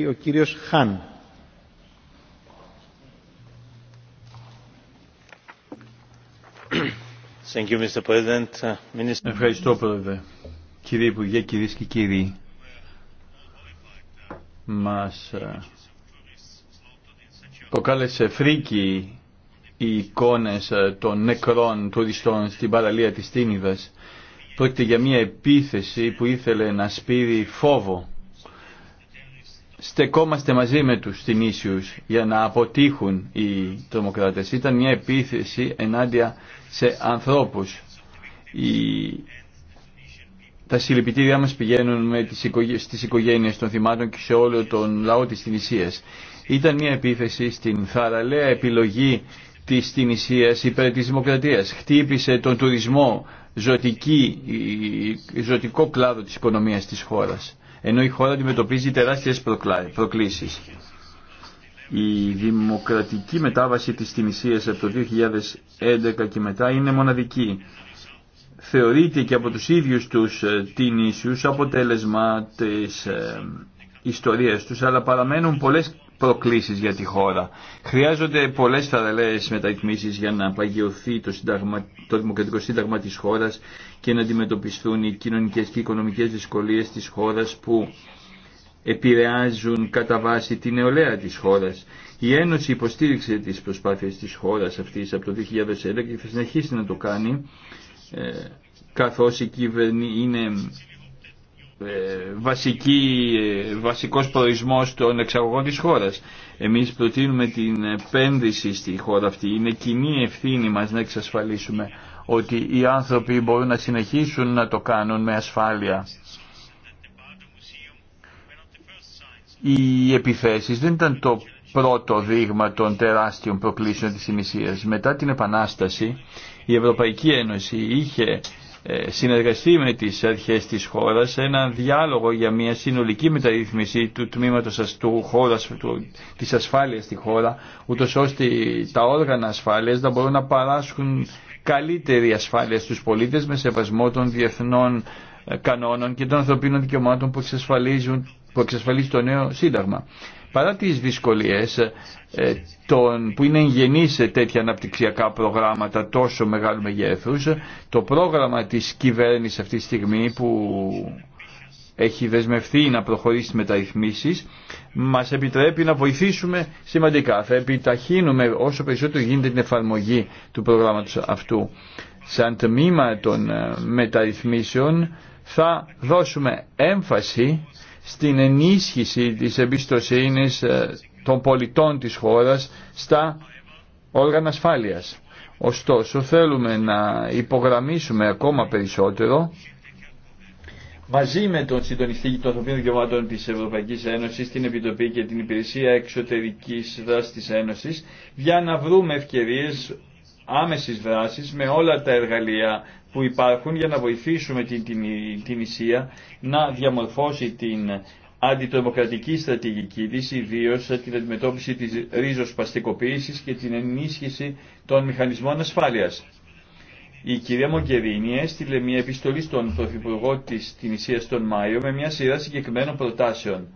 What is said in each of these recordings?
ο κύριος Χάν. Uh, Ευχαριστώ πρόεδρε. Κύριε Υπουργέ, κυρίε και κύριοι, μας ε, προκάλεσε φρίκη οι εικόνες ε, των νεκρών τουριστών στην παραλία της Τίνιδας. Πρόκειται για μια επίθεση που ήθελε να σπείρει φόβο στεκόμαστε μαζί με τους ίσιους για να αποτύχουν οι τρομοκράτες. Ήταν μια επίθεση ενάντια σε ανθρώπους. οι Τα συλληπιτήριά μας πηγαίνουν με τις στις οικογένειες των θυμάτων και σε όλο τον λαό της Τινησίας. Ήταν μια επίθεση στην θαραλέα επιλογή της Τινησίας υπέρ της δημοκρατίας. Χτύπησε τον τουρισμό, ζωτική, ζωτικό κλάδο της οικονομίας της χώρας ενώ η χώρα αντιμετωπίζει τεράστιες προκλήσεις. Η δημοκρατική μετάβαση της Τινησίας από το 2011 και μετά είναι μοναδική. Θεωρείται και από τους ίδιους τους ε, Τινήσιους αποτέλεσμα της ε, ιστορίας τους, αλλά παραμένουν πολλές προκλήσεις για τη χώρα. Χρειάζονται πολλές θαραλέες μεταρρυθμίσεις για να παγιωθεί το, συνταγμα, το δημοκρατικό σύνταγμα της χώρας και να αντιμετωπιστούν οι κοινωνικές και οικονομικές δυσκολίες της χώρας που επηρεάζουν κατά βάση την νεολαία της χώρας. Η Ένωση υποστήριξε τις προσπάθειες της χώρας αυτής από το 2011 και θα συνεχίσει να το κάνει ε, καθώς η κυβερνή είναι ε, βασική, ε, βασικός προορισμός των εξαγωγών της χώρας. Εμείς προτείνουμε την επένδυση στη χώρα αυτή. Είναι κοινή ευθύνη μας να εξασφαλίσουμε ότι οι άνθρωποι μπορούν να συνεχίσουν να το κάνουν με ασφάλεια. Οι επιθέσεις δεν ήταν το πρώτο δείγμα των τεράστιων προκλήσεων της ημισίας. Μετά την Επανάσταση η Ευρωπαϊκή Ένωση είχε ε, συνεργαστεί με τις αρχές της χώρας ένα διάλογο για μια συνολική μεταρρύθμιση του τμήματος του χώρας, του, της ασφάλειας στη χώρα ούτως ώστε τα όργανα ασφάλειας να μπορούν να παράσχουν καλύτερη ασφάλεια στους πολίτες με σεβασμό των διεθνών ε, κανόνων και των ανθρωπίνων δικαιωμάτων που εξασφαλίζουν που εξασφαλίζει το νέο σύνταγμα. Παρά τις δυσκολίες ε, που είναι εγγενείς σε τέτοια αναπτυξιακά προγράμματα τόσο μεγάλου μεγέθους, το πρόγραμμα της κυβέρνησης αυτή τη στιγμή που έχει δεσμευθεί να προχωρήσει τις μεταρρυθμίσεις, μας επιτρέπει να βοηθήσουμε σημαντικά. Θα επιταχύνουμε όσο περισσότερο γίνεται την εφαρμογή του προγράμματος αυτού. Σαν τμήμα των ε, μεταρρυθμίσεων θα δώσουμε έμφαση στην ενίσχυση της εμπιστοσύνης ε, των πολιτών της χώρας στα όργανα ασφάλειας. Ωστόσο θέλουμε να υπογραμμίσουμε ακόμα περισσότερο μαζί με τον συντονιστή των ανθρωπίνων δικαιωμάτων της Ευρωπαϊκής Ένωσης, την Επιτροπή και την Υπηρεσία Εξωτερικής Δράσης της Ένωσης για να βρούμε ευκαιρίες άμεσης δράσης με όλα τα εργαλεία που υπάρχουν για να βοηθήσουμε την, την, την Ισία να διαμορφώσει την αντιτρομοκρατική στρατηγική της, ιδίω την αντιμετώπιση της ρίζοσπαστικοποίησης και την ενίσχυση των μηχανισμών ασφάλειας. Η κυρία Μογκερίνη έστειλε μια επιστολή στον Πρωθυπουργό της Ισία τον Μάιο με μια σειρά συγκεκριμένων προτάσεων.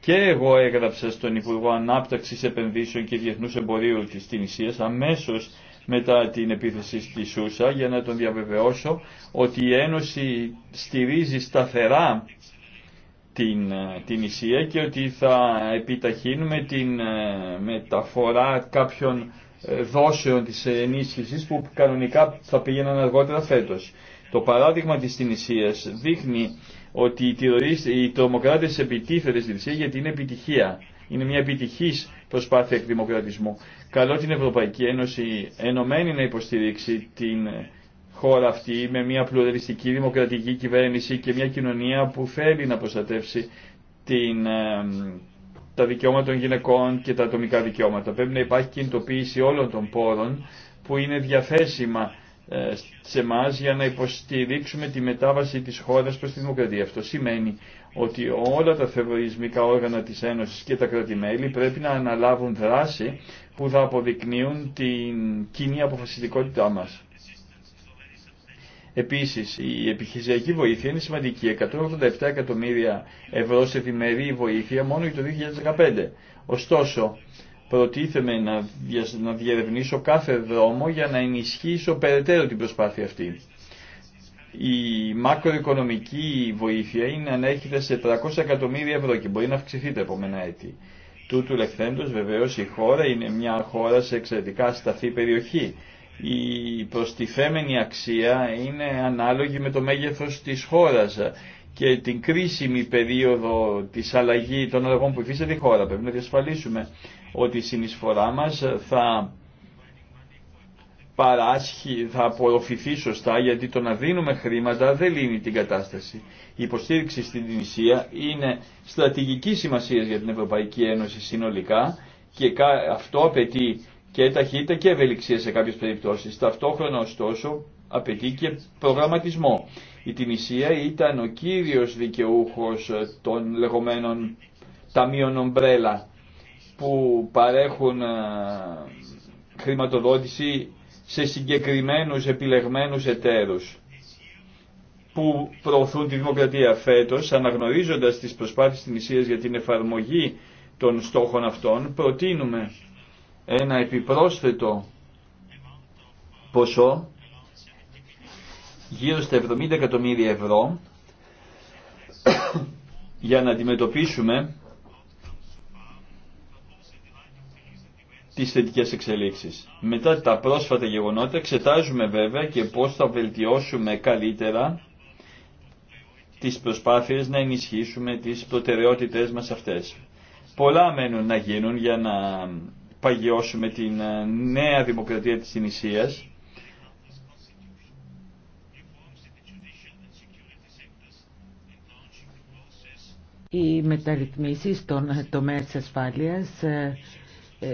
Και εγώ έγραψα στον Υπουργό Ανάπτυξης Επενδύσεων και Διεθνούς Εμπορίου της Ισία αμέσως μετά την επίθεση στη Σούσα για να τον διαβεβαιώσω ότι η Ένωση στηρίζει σταθερά την, την Ισία και ότι θα επιταχύνουμε την ε, μεταφορά κάποιων ε, δόσεων της ενίσχυσης που κανονικά θα πήγαιναν αργότερα φέτος. Το παράδειγμα της Τινησίας δείχνει ότι οι τρομοκράτες επιτίθεται στην Ισία γιατί είναι επιτυχία. Είναι μια επιτυχής προσπάθεια εκδημοκρατισμού. Καλό την Ευρωπαϊκή Ένωση ενωμένη να υποστηρίξει την χώρα αυτή με μια πλουραλιστική δημοκρατική κυβέρνηση και μια κοινωνία που θέλει να προστατεύσει την, τα δικαιώματα των γυναικών και τα ατομικά δικαιώματα. Πρέπει να υπάρχει κινητοποίηση όλων των πόρων που είναι διαθέσιμα ε, σε εμά για να υποστηρίξουμε τη μετάβαση της χώρας προς τη δημοκρατία. Αυτό σημαίνει ότι όλα τα θεσμικά όργανα της Ένωσης και τα κράτη-μέλη πρέπει να αναλάβουν δράση που θα αποδεικνύουν την κοινή αποφασιστικότητά μας. Επίσης, η επιχειρησιακή βοήθεια είναι σημαντική. 187 εκατομμύρια ευρώ σε διμερή βοήθεια μόνο για το 2015. Ωστόσο, προτίθεμαι να διερευνήσω κάθε δρόμο για να ενισχύσω περαιτέρω την προσπάθεια αυτή η μακροοικονομική βοήθεια είναι ανέρχεται σε 300 εκατομμύρια ευρώ και μπορεί να αυξηθεί τα επόμενα έτη. Τούτου λεχθέντος βεβαίως η χώρα είναι μια χώρα σε εξαιρετικά σταθή περιοχή. Η προστιθέμενη αξία είναι ανάλογη με το μέγεθος της χώρας και την κρίσιμη περίοδο της αλλαγή των αλλαγών που υφίσταται η χώρα. Πρέπει να διασφαλίσουμε ότι η συνεισφορά μας θα παράσχει, θα απορροφηθεί σωστά γιατί το να δίνουμε χρήματα δεν λύνει την κατάσταση. Η υποστήριξη στην Τινησία είναι στρατηγική σημασία για την Ευρωπαϊκή Ένωση συνολικά και αυτό απαιτεί και ταχύτητα και ευελιξία σε κάποιες περιπτώσεις. Ταυτόχρονα ωστόσο απαιτεί και προγραμματισμό. Η Τινησία ήταν ο κύριος δικαιούχος των λεγόμενων ταμείων ομπρέλα που παρέχουν ε, χρηματοδότηση σε συγκεκριμένους επιλεγμένους εταίρους που προωθούν τη δημοκρατία φέτος, αναγνωρίζοντας τις προσπάθειες της νησίας για την εφαρμογή των στόχων αυτών, προτείνουμε ένα επιπρόσθετο ποσό γύρω στα 70 εκατομμύρια ευρώ για να αντιμετωπίσουμε τις θετικέ εξελίξεις. Μετά τα πρόσφατα γεγονότα εξετάζουμε βέβαια και πώς θα βελτιώσουμε καλύτερα τις προσπάθειες να ενισχύσουμε τις προτεραιότητες μας αυτές. Πολλά μένουν να γίνουν για να παγιώσουμε την ε, νέα δημοκρατία της Ινησίας Οι μεταρρυθμίσεις στον τομέα της ασφάλειας ε, ε,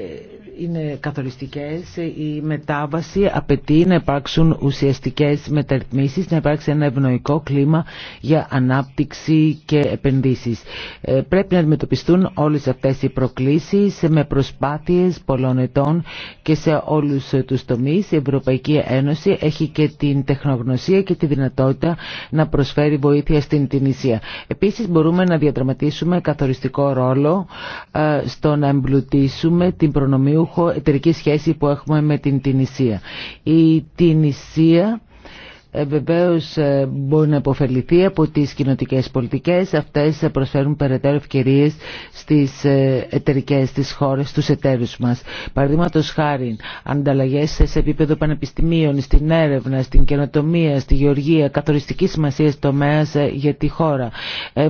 είναι καθοριστικές. Η μετάβαση απαιτεί να υπάρξουν ουσιαστικές μεταρρυθμίσεις, να υπάρξει ένα ευνοϊκό κλίμα για ανάπτυξη και επενδύσεις. Ε, πρέπει να αντιμετωπιστούν όλες αυτές οι προκλήσεις με προσπάθειες πολλών ετών και σε όλους τους τομείς. Η Ευρωπαϊκή Ένωση έχει και την τεχνογνωσία και τη δυνατότητα να προσφέρει βοήθεια στην Τινησία. Επίσης μπορούμε να διαδραματίσουμε καθοριστικό ρόλο ε, στο να εμπλουτίσουμε την προνομιούχο εταιρική σχέση που έχουμε με την Τινησία. Η Τινησία ε, βεβαίω ε, μπορεί να υποφεληθεί από τις κοινοτικέ πολιτικές. Αυτές προσφέρουν περαιτέρω ευκαιρίες στις ε, εταιρικές, στις χώρες, στους εταίρους μας. Παραδείγματο χάρη, ανταλλαγές σε επίπεδο πανεπιστημίων, στην έρευνα, στην καινοτομία, στη γεωργία, καθοριστική σημασία τομέα για τη χώρα.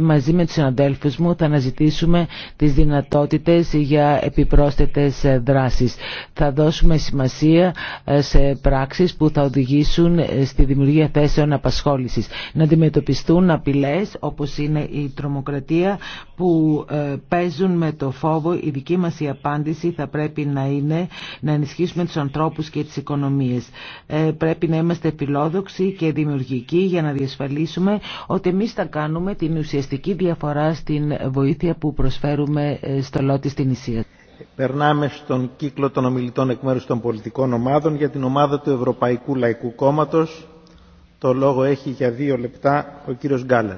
μαζί με τους συναδέλφους μου θα αναζητήσουμε τις δυνατότητες για επιπρόσθετες δράσεις. Θα δώσουμε σημασία σε πράξεις που θα οδηγήσουν στη δημιουργία δημιουργία θέσεων απασχόλησης. Να αντιμετωπιστούν απειλές όπως είναι η τρομοκρατία που ε, παίζουν με το φόβο. Η δική μας η απάντηση θα πρέπει να είναι να ενισχύσουμε τους ανθρώπους και τις οικονομίες. Ε, πρέπει να είμαστε φιλόδοξοι και δημιουργικοί για να διασφαλίσουμε ότι εμείς θα κάνουμε την ουσιαστική διαφορά στην βοήθεια που προσφέρουμε ε, στο ΛΟΤΙ στην Ισία. Περνάμε στον κύκλο των ομιλητών εκ μέρους των πολιτικών ομάδων για την ομάδα του Ευρωπαϊκού Λαϊκού Κόμματος. Το λόγο έχει για δύο λεπτά ο κύριος Γκάλερ.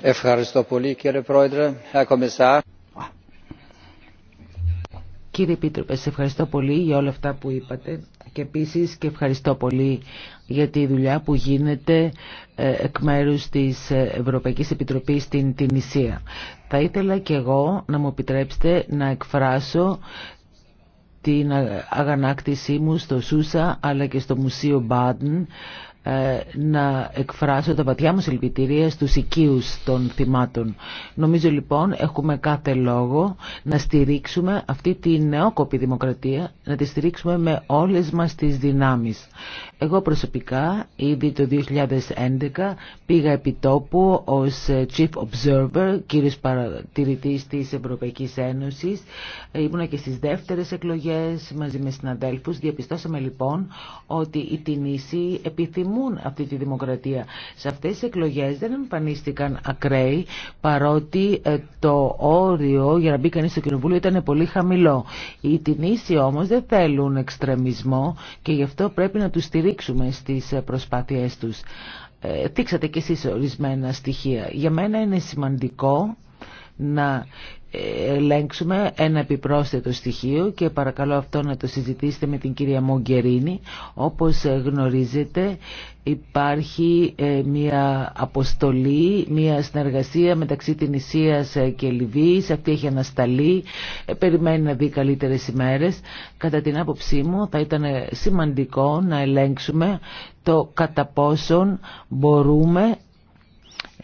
Ευχαριστώ πολύ κύριε Πρόεδρε, Κομισάρ. Κύριε Επίτροπε, σε ευχαριστώ πολύ για όλα αυτά που είπατε και επίσης και ευχαριστώ πολύ για τη δουλειά που γίνεται ε, εκ μέρους της Ευρωπαϊκής Επιτροπής στην Τινησία. Θα ήθελα και εγώ να μου επιτρέψετε να εκφράσω την αγανάκτησή μου στο Σούσα αλλά και στο Μουσείο Μπάντεν να εκφράσω τα βαθιά μου συλληπιτήρια στους οικείους των θυμάτων. Νομίζω λοιπόν έχουμε κάθε λόγο να στηρίξουμε αυτή τη νεόκοπη δημοκρατία, να τη στηρίξουμε με όλες μας τις δυνάμεις. Εγώ προσωπικά ήδη το 2011 πήγα επί τόπου ως ε, Chief Observer, κύριος παρατηρητής της Ευρωπαϊκής Ένωσης. Ε, ήμουνα και στις δεύτερες εκλογές μαζί με συναδέλφους. Διαπιστώσαμε λοιπόν ότι οι Τινήσοι επιθυμούν αυτή τη δημοκρατία. Σε αυτές τις εκλογές δεν εμφανίστηκαν ακραίοι, παρότι ε, το όριο για να μπει κανείς στο κοινοβούλιο ήταν πολύ χαμηλό. Οι Τινήσοι όμως δεν θέλουν εξτρεμισμό και γι' αυτό πρέπει να τους στηρίξουν στηρίξουμε στις προσπάθειές τους. δείξατε και εσείς ορισμένα στοιχεία. Για μένα είναι σημαντικό να ελέγξουμε ένα επιπρόσθετο στοιχείο και παρακαλώ αυτό να το συζητήσετε με την κυρία Μογκερίνη. Όπως γνωρίζετε υπάρχει ε, μια αποστολή, μια συνεργασία μεταξύ την Ισίας ε, και Λιβύης. Αυτή έχει ανασταλεί, ε, περιμένει να δει καλύτερες ημέρες. Κατά την άποψή μου θα ήταν σημαντικό να ελέγξουμε το κατά πόσον μπορούμε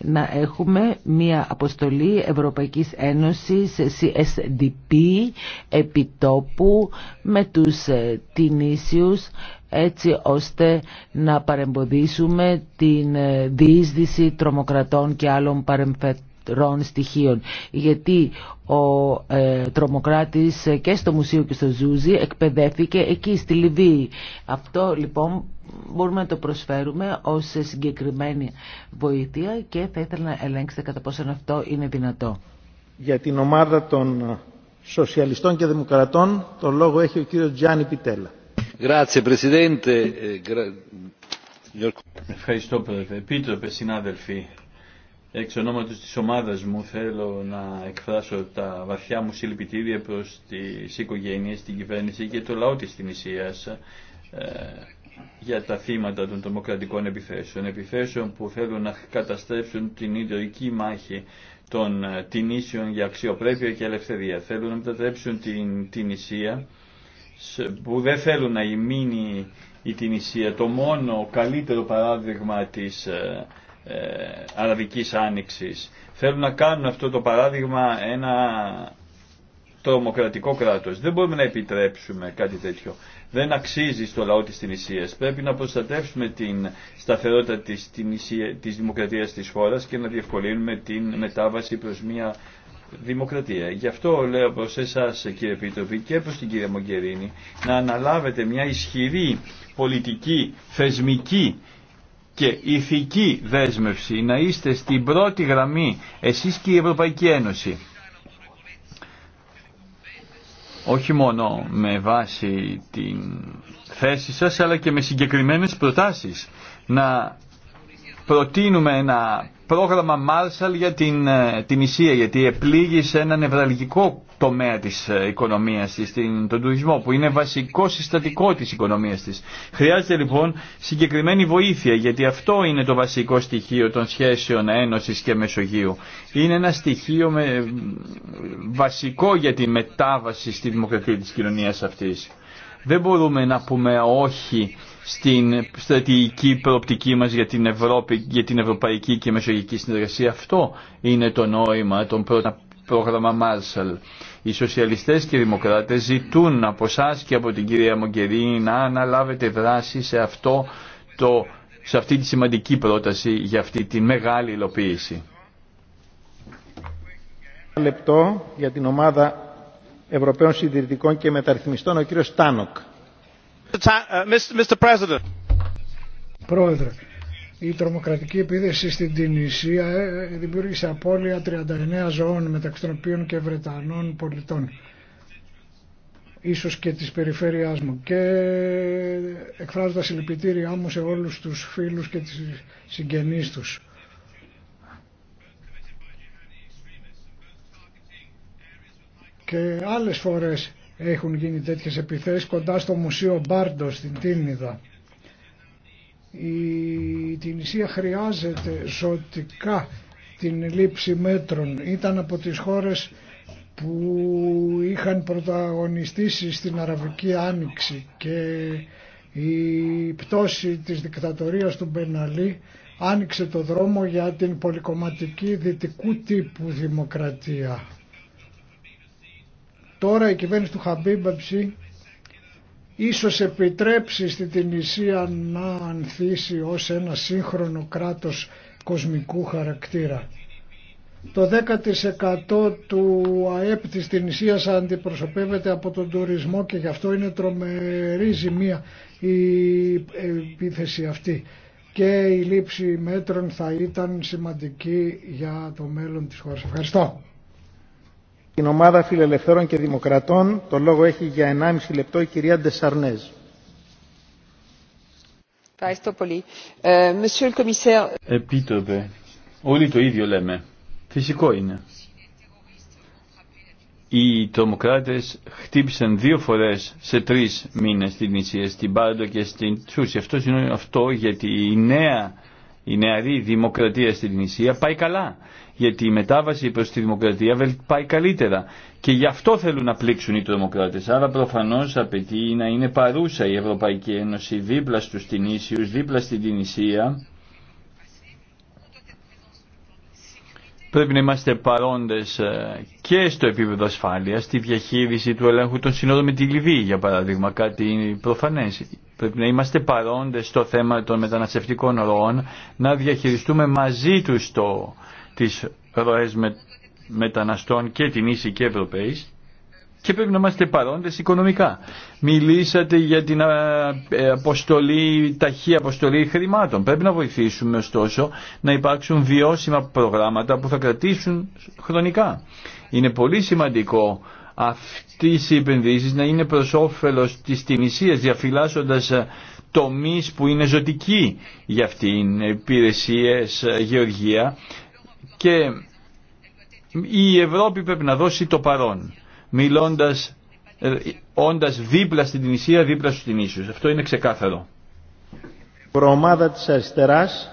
να έχουμε μια αποστολή Ευρωπαϊκής Ένωσης CSDP επιτόπου με τους ε, Τινήσιους έτσι ώστε να παρεμποδίσουμε την ε, διείσδυση τρομοκρατών και άλλων παρεμφετών τρών στοιχείων. Γιατί ο ε, τρομοκράτης και στο Μουσείο και στο Ζούζι εκπαιδεύτηκε εκεί στη Λιβύη. Αυτό λοιπόν μπορούμε να το προσφέρουμε ως συγκεκριμένη βοήθεια και θα ήθελα να ελέγξετε κατά πόσο αυτό είναι δυνατό. Για την ομάδα των Σοσιαλιστών και Δημοκρατών το λόγο έχει ο κύριος Τζάνι Πιτέλα. Ε, Ευχαριστώ, Πρόεδρε. Επίτροπε, συνάδελφοι, Εξ ονόματος της ομάδας μου θέλω να εκφράσω τα βαθιά μου συλληπιτήρια προς τις οικογένειες, την κυβέρνηση και το λαό της Τινησίας ε, για τα θύματα των τρομοκρατικών επιθέσεων. Επιθέσεων που θέλουν να καταστρέψουν την ιδιωτική μάχη των ε, Τινήσεων για αξιοπρέπεια και ελευθερία. Θέλουν να μετατρέψουν την Τινησία που δεν θέλουν να μείνει η Τινησία το μόνο καλύτερο παράδειγμα της ε, ε, Αραβικής Άνοιξης. Θέλουν να κάνουν αυτό το παράδειγμα ένα τρομοκρατικό κράτος. Δεν μπορούμε να επιτρέψουμε κάτι τέτοιο. Δεν αξίζει στο λαό της Τινησίας. Πρέπει να προστατεύσουμε την σταθερότητα της, της δημοκρατίας της χώρας και να διευκολύνουμε την μετάβαση προς μια δημοκρατία. Γι' αυτό λέω προς εσάς κύριε Πίτροπη και προς την κυρία Μογκερίνη να αναλάβετε μια ισχυρή πολιτική, θεσμική και ηθική δέσμευση να είστε στην πρώτη γραμμή εσείς και η Ευρωπαϊκή Ένωση όχι μόνο με βάση την θέση σας αλλά και με συγκεκριμένες προτάσεις να προτείνουμε ένα πρόγραμμα Marshall για την, ε, την Ισία, γιατί επλήγει σε ένα νευραλγικό τομέα της ε, οικονομίας της, τον τουρισμό, που είναι βασικό συστατικό της οικονομίας της. Χρειάζεται λοιπόν συγκεκριμένη βοήθεια, γιατί αυτό είναι το βασικό στοιχείο των σχέσεων Ένωσης και Μεσογείου. Είναι ένα στοιχείο βασικό για τη μετάβαση στη δημοκρατία της κοινωνίας αυτής. Δεν μπορούμε να πούμε όχι στην στρατηγική προοπτική μας για την, Ευρώπη, για την Ευρωπαϊκή και Μεσογειακή Συνεργασία. Αυτό είναι το νόημα των πρώτων πρόγραμμα Μάρσαλ. Οι σοσιαλιστές και οι δημοκράτες ζητούν από εσά και από την κυρία Μογκερίνη να αναλάβετε δράση σε, αυτό το, σε αυτή τη σημαντική πρόταση για αυτή τη μεγάλη υλοποίηση. Λεπτό για την ομάδα Ευρωπαίων Συντηρητικών και Μεταρρυθμιστών ο κύριος Τάνοκ. Uh, Πρόεδρε, η τρομοκρατική επίδεση στην Τινησία ε, ε, δημιούργησε απώλεια 39 ζωών μεταξύ των οποίων και Βρετανών πολιτών ίσως και της περιφέρειάς μου και ε, εκφράζω τα συλληπιτήριά μου σε όλους τους φίλους και τις συγγενείς τους. Και άλλες φορές έχουν γίνει τέτοιες επιθέσεις κοντά στο Μουσείο Μπάρντο στην Τίνιδα. Η Τινησία χρειάζεται ζωτικά την λήψη μέτρων. Ήταν από τις χώρες που είχαν πρωταγωνιστήσει στην Αραβική Άνοιξη και η πτώση της δικτατορίας του Μπεναλή άνοιξε το δρόμο για την πολυκομματική δυτικού τύπου δημοκρατία. Τώρα η κυβέρνηση του Χαμπίμπεψη ίσως επιτρέψει στην Τινησία να ανθίσει ως ένα σύγχρονο κράτος κοσμικού χαρακτήρα. Το 10% του ΑΕΠ της Τινησίας αντιπροσωπεύεται από τον τουρισμό και γι' αυτό είναι τρομερή ζημία η επίθεση αυτή. Και η λήψη μέτρων θα ήταν σημαντική για το μέλλον της χώρας. Ευχαριστώ. Την ομάδα Φιλελευθέρων και Δημοκρατών το λόγο έχει για 1,5 λεπτό η κυρία Ντεσαρνέζ. Ε, Επίτροπε, όλοι το ίδιο λέμε. Φυσικό είναι. Οι τρομοκράτες χτύπησαν δύο φορές σε τρεις μήνες στην Ισία, στην Πάρντο και στην Τσούση. Αυτό είναι αυτό γιατί η νέα η νεαρή δημοκρατία στην Ισία πάει καλά. Γιατί η μετάβαση προς τη δημοκρατία πάει καλύτερα. Και γι' αυτό θέλουν να πλήξουν οι τρομοκράτες. Άρα προφανώς απαιτεί να είναι παρούσα η Ευρωπαϊκή Ένωση δίπλα στους Τινήσιους, δίπλα στην Τινησία. Πρέπει να είμαστε παρόντες ε, και στο επίπεδο ασφάλειας, στη διαχείριση του ελέγχου των συνόρων με τη Λιβύη, για παράδειγμα, κάτι προφανές πρέπει να είμαστε παρόντες στο θέμα των μεταναστευτικών ροών, να διαχειριστούμε μαζί τους το, τις ροές μεταναστών και την ίση και Ευρωπαίης και πρέπει να είμαστε παρόντες οικονομικά. Μιλήσατε για την ε, αποστολή, ταχύ αποστολή χρημάτων. Πρέπει να βοηθήσουμε ωστόσο να υπάρξουν βιώσιμα προγράμματα που θα κρατήσουν χρονικά. Είναι πολύ σημαντικό αυτή οι επενδύσει να είναι προ όφελο της Τινησίας διαφυλάσσοντας ε, τομεί που είναι ζωτικοί για αυτήν, υπηρεσίες, ε, γεωργία και η Ευρώπη πρέπει να δώσει το παρόν, μιλώντας, ε, όντας δίπλα στην Τινησία, δίπλα στους Τινήσιους. Αυτό είναι ξεκάθαρο. Προομάδα της αριστεράς,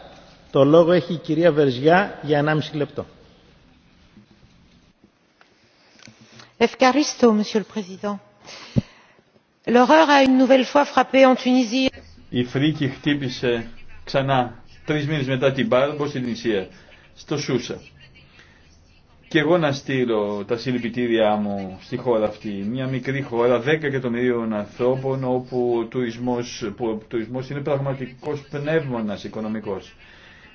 το λόγο έχει η κυρία Βερζιά για 1,5 λεπτό. Monsieur le Président. Η φρίκη χτύπησε ξανά τρεις μήνες μετά την Πάρκο στην Ισία, στο Σούσα. Και εγώ να στείλω τα συλληπιτήριά μου στη χώρα αυτή, μια μικρή χώρα, 10 εκατομμυρίων ανθρώπων, όπου ο τουρισμός, ο τουρισμός είναι πραγματικός πνεύμονας οικονομικός.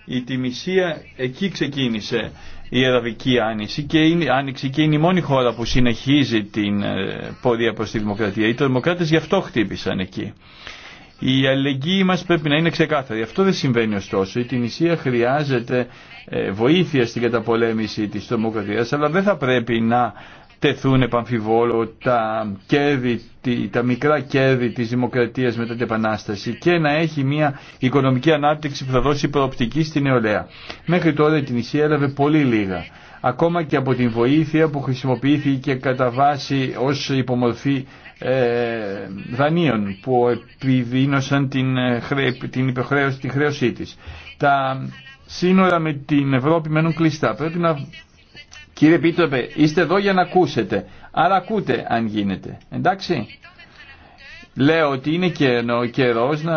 Η Τιμησία εκεί ξεκίνησε η Αραβική Άνοιξη και είναι, Άνοιξη και είναι η μόνη χώρα που συνεχίζει την ε, πορεία προς τη δημοκρατία. Οι τρομοκράτες γι' αυτό χτύπησαν εκεί. Η αλληλεγγύη μας πρέπει να είναι ξεκάθαρη. Αυτό δεν συμβαίνει ωστόσο. Η Τινησία χρειάζεται ε, βοήθεια στην καταπολέμηση της τρομοκρατίας, αλλά δεν θα πρέπει να τεθούν επαμφιβόλω τα, τα μικρά κέρδη της δημοκρατίας μετά την Επανάσταση και να έχει μια οικονομική ανάπτυξη που θα δώσει προοπτική στην νεολαία. Μέχρι τώρα η Ισία έλαβε πολύ λίγα. Ακόμα και από την βοήθεια που χρησιμοποιήθηκε κατά βάση ως υπομορφή ε, δανείων που επιδίνωσαν την, ε, την υποχρέωση, τη χρέωσή της. Τα σύνορα με την Ευρώπη μένουν κλειστά. Πρέπει να Κύριε Πίτροπε, είστε εδώ για να ακούσετε. Άρα ακούτε αν γίνεται. Εντάξει. Λέω ότι είναι καιρό, να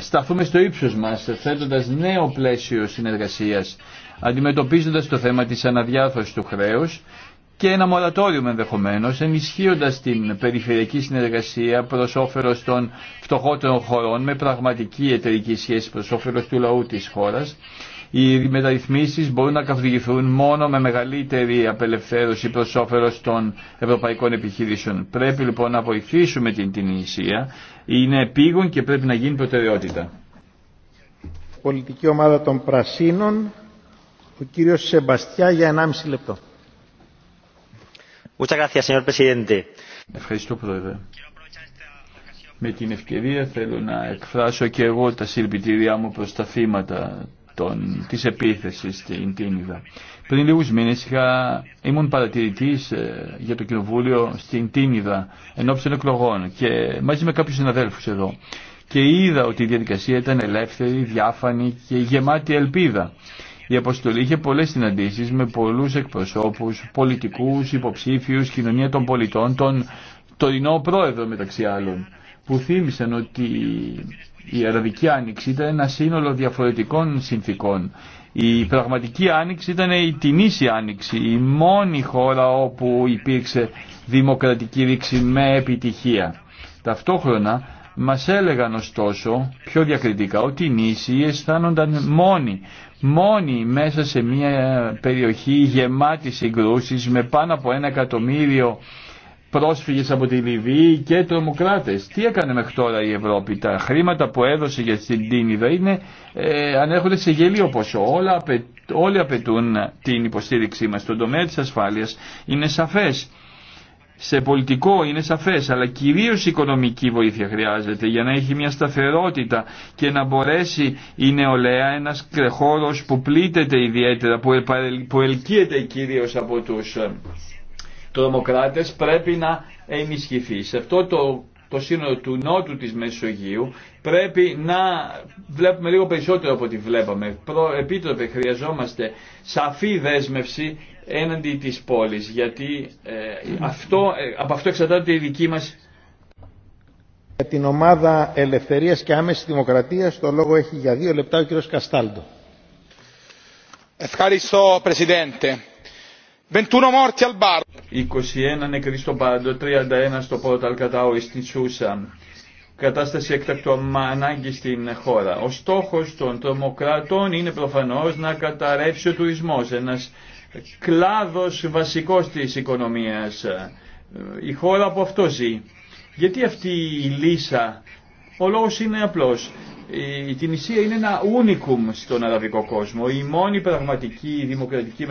σταθούμε στο ύψο μας, θέτοντα νέο πλαίσιο συνεργασία, αντιμετωπίζοντας το θέμα της αναδιάρθρωσης του χρέου και ένα μορατόριο ενδεχομένω, ενισχύοντα την περιφερειακή συνεργασία προ όφελο των φτωχότερων χωρών με πραγματική εταιρική σχέση προ όφελο του λαού τη χώρα οι μεταρρυθμίσεις μπορούν να καθοδηγηθούν μόνο με μεγαλύτερη απελευθέρωση προς όφελος των ευρωπαϊκών επιχειρήσεων. Πρέπει λοιπόν να βοηθήσουμε την Τινησία. Είναι επίγον και πρέπει να γίνει προτεραιότητα. Πολιτική ομάδα των Πρασίνων, ο κύριος Σεμπαστιά για 1,5 λεπτό. Ευχαριστώ, Πρόεδρε. Με την ευκαιρία θέλω να εκφράσω και εγώ τα συλληπιτήριά μου προς τα θύματα των, της επίθεσης στην Τίνιδα. Πριν λίγους μήνες είχα, ήμουν παρατηρητής ε, για το κοινοβούλιο στην Τίνιδα ενώπιση των εκλογών και μαζί με κάποιους συναδέλφους εδώ και είδα ότι η διαδικασία ήταν ελεύθερη, διάφανη και γεμάτη ελπίδα. Η αποστολή είχε πολλές συναντήσεις με πολλούς εκπροσώπους, πολιτικούς, υποψήφιους, κοινωνία των πολιτών, τον τωρινό πρόεδρο μεταξύ άλλων, που θύμισαν ότι η Αραβική Άνοιξη ήταν ένα σύνολο διαφορετικών συνθήκων. Η πραγματική άνοιξη ήταν η Τινήσια άνοιξη, η μόνη χώρα όπου υπήρξε δημοκρατική ρήξη με επιτυχία. Ταυτόχρονα μας έλεγαν ωστόσο πιο διακριτικά ότι οι νήσοι αισθάνονταν μόνοι, Μόνη μέσα σε μια περιοχή γεμάτη συγκρούσεις με πάνω από ένα εκατομμύριο πρόσφυγες από τη Λιβύη και τρομοκράτες. Τι έκανε μέχρι τώρα η Ευρώπη. Τα χρήματα που έδωσε για την Τίνιδα είναι, ε, ανέρχονται σε γελίο ποσό. Όλα, όλοι απαιτούν την υποστήριξή μας. Στον τομέα της ασφάλειας είναι σαφές. Σε πολιτικό είναι σαφές, αλλά κυρίως οικονομική βοήθεια χρειάζεται για να έχει μια σταθερότητα και να μπορέσει η νεολαία, ένας χώρος που πλήττεται ιδιαίτερα, που, ελκύεται κυρίως από τους δημοκράτες πρέπει να ενισχυθεί. Σε αυτό το, το σύνολο του νότου της Μεσογείου πρέπει να βλέπουμε λίγο περισσότερο από ό,τι βλέπαμε. Προ, επίτροπε χρειαζόμαστε σαφή δέσμευση έναντι της πόλης γιατί ε, αυτό, ε, από αυτό εξαρτάται η δική μας για ομάδα Ελευθερίας και Άμεσης Δημοκρατίας το λόγο έχει για δύο λεπτά ο κύριος Καστάλντο. Ευχαριστώ, Πρεσιδέντε 21 νεκροί στο Πάντο, 31 στο Πόρτα Αλκατάου στην Σούσα. Κατάσταση εκτακτου ανάγκη στην χώρα. Ο στόχο των τρομοκράτων είναι προφανώ να καταρρεύσει ο τουρισμό, ένα κλάδο βασικός τη οικονομία. Η χώρα από αυτό ζει. Γιατί αυτή η λύσα ο λόγο είναι απλός. Η Τινησία είναι ένα ούνικουμ στον αραβικό κόσμο, η μόνη πραγματική δημοκρατική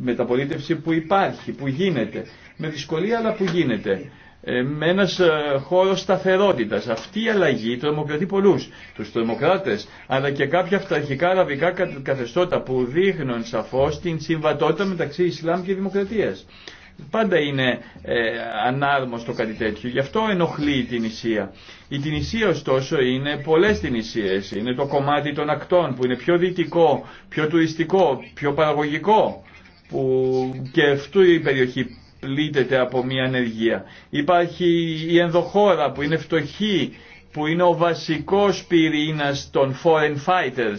μεταπολίτευση που υπάρχει, που γίνεται. Με δυσκολία αλλά που γίνεται. Ε, με ένα ε, χώρο σταθερότητα. Αυτή η αλλαγή τρομοκρατεί πολλού, του τρομοκράτε, αλλά και κάποια αυταρχικά αραβικά καθεστώτα που δείχνουν σαφώ την συμβατότητα μεταξύ Ισλάμ και Δημοκρατία. Πάντα είναι ε, ανάρμοστο κάτι τέτοιο. Γι' αυτό ενοχλεί η Τινησία. Η Τινησία ωστόσο είναι πολλές Τινησίες. Είναι το κομμάτι των ακτών που είναι πιο δυτικό, πιο τουριστικό, πιο παραγωγικό. Που και αυτού η περιοχή πλήττεται από μια ανεργία. Υπάρχει η ενδοχώρα που είναι φτωχή, που είναι ο βασικός πυρήνας των foreign fighters.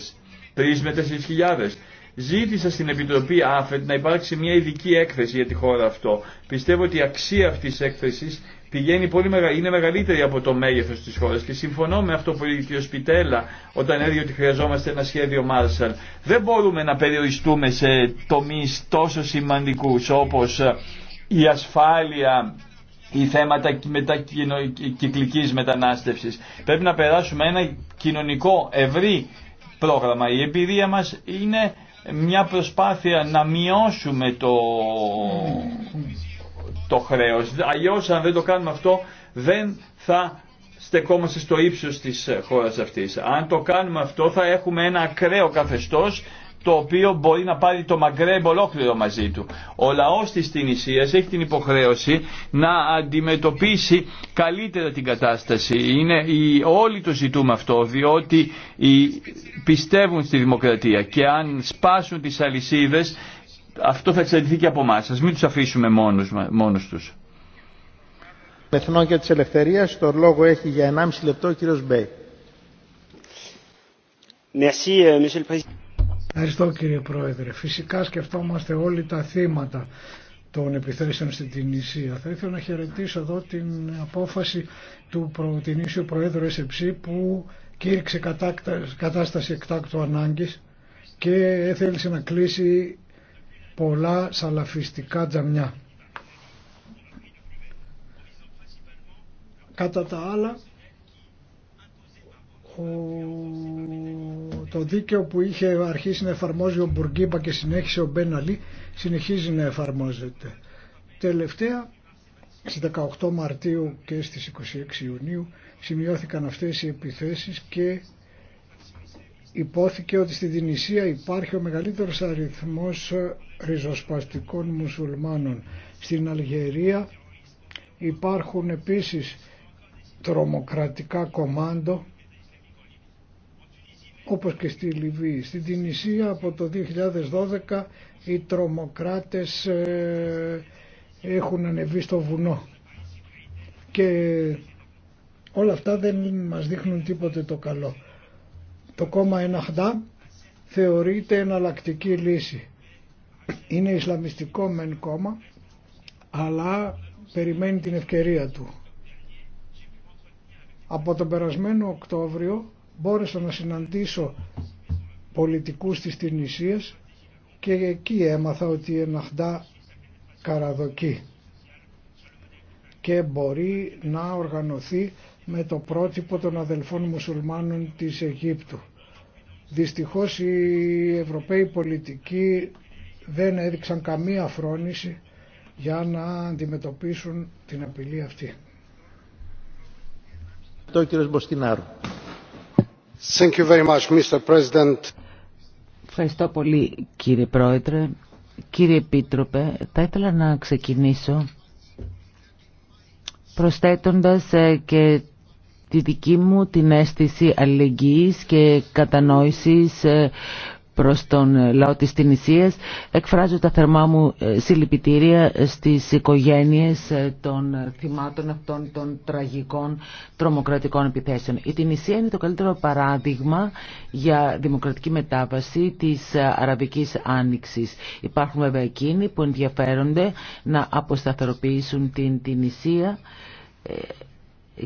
τρει με τέσσερι χιλιάδες. Ζήτησα στην Επιτροπή ΑΦΕΤ να υπάρξει μια ειδική έκθεση για τη χώρα αυτό. Πιστεύω ότι η αξία αυτής της έκθεσης πηγαίνει πολύ μεγα... είναι μεγαλύτερη από το μέγεθος της χώρας και συμφωνώ με αυτό που είπε ο κ. Σπιτέλα όταν έλεγε ότι χρειαζόμαστε ένα σχέδιο Μάρσαλ. Δεν μπορούμε να περιοριστούμε σε τομείς τόσο σημαντικούς όπως ε, η ασφάλεια ή θέματα μετακυκλικής μετανάστευσης. Πρέπει να περάσουμε ένα κοινωνικό ευρύ πρόγραμμα. Η εμπειρία μας είναι μια προσπάθεια να μειώσουμε το, το χρέος. Αλλιώς αν δεν το κάνουμε αυτό δεν θα στεκόμαστε στο ύψος της χώρας αυτής. Αν το κάνουμε αυτό θα έχουμε ένα ακραίο καθεστώς το οποίο μπορεί να πάρει το Μαγκρέμπ ολόκληρο μαζί του. Ο λαός της Τινησίας έχει την υποχρέωση να αντιμετωπίσει καλύτερα την κατάσταση. Είναι, όλοι το ζητούμε αυτό διότι οι, πιστεύουν στη δημοκρατία και αν σπάσουν τις αλυσίδες αυτό θα εξαρτηθεί και από εμά. Ας μην του αφήσουμε μόνους, μόνους τους. της το λόγο έχει για 1,5 λεπτό κύριος Merci, euh, Ευχαριστώ κύριε Πρόεδρε. Φυσικά σκεφτόμαστε όλοι τα θύματα των επιθέσεων στην Τινησία. Θα ήθελα να χαιρετήσω εδώ την απόφαση του Τινήσιου Προέδρου ΕΣΕΠΣΥ που κήρυξε κατάσταση εκτάκτου ανάγκης και έθελε να κλείσει πολλά σαλαφιστικά τζαμιά. Κατά τα άλλα, το δίκαιο που είχε αρχίσει να εφαρμόζει ο Μπουργκίμπα και συνέχισε ο Μπέναλι συνεχίζει να εφαρμόζεται. Τελευταία στις 18 Μαρτίου και στις 26 Ιουνίου σημειώθηκαν αυτές οι επιθέσεις και υπόθηκε ότι στη Δινησία υπάρχει ο μεγαλύτερος αριθμός ριζοσπαστικών μουσουλμάνων. Στην Αλγερία υπάρχουν επίσης τρομοκρατικά κομμάντο όπως και στη Λιβύη. Στην Τινησία από το 2012 οι τρομοκράτες ε, έχουν ανεβεί στο βουνό και όλα αυτά δεν μας δείχνουν τίποτε το καλό. Το κόμμα Εναχντά θεωρείται εναλλακτική λύση. Είναι Ισλαμιστικό μεν κόμμα αλλά περιμένει την ευκαιρία του. Από τον περασμένο Οκτώβριο μπόρεσα να συναντήσω πολιτικούς της Τινησίας και εκεί έμαθα ότι η Εναχντά καραδοκεί και μπορεί να οργανωθεί με το πρότυπο των αδελφών μουσουλμάνων της Αιγύπτου. Δυστυχώς οι Ευρωπαίοι πολιτικοί δεν έδειξαν καμία φρόνηση για να αντιμετωπίσουν την απειλή αυτή. Το κύριος Ευχαριστώ πολύ κύριε Πρόεδρε. Κύριε Επίτροπε, θα ήθελα να ξεκινήσω προσθέτοντας ε, και τη δική μου την αίσθηση αλληλεγγύης και κατανόησης ε, προς τον λαό της Τινησίας. Εκφράζω τα θερμά μου ε, συλληπιτήρια στις οικογένειες ε, των ε, θυμάτων αυτών των τραγικών τρομοκρατικών επιθέσεων. Η Τινησία είναι το καλύτερο παράδειγμα για δημοκρατική μετάβαση της Αραβικής Άνοιξης. Υπάρχουν βέβαια εκείνοι που ενδιαφέρονται να αποσταθεροποιήσουν την Τινησία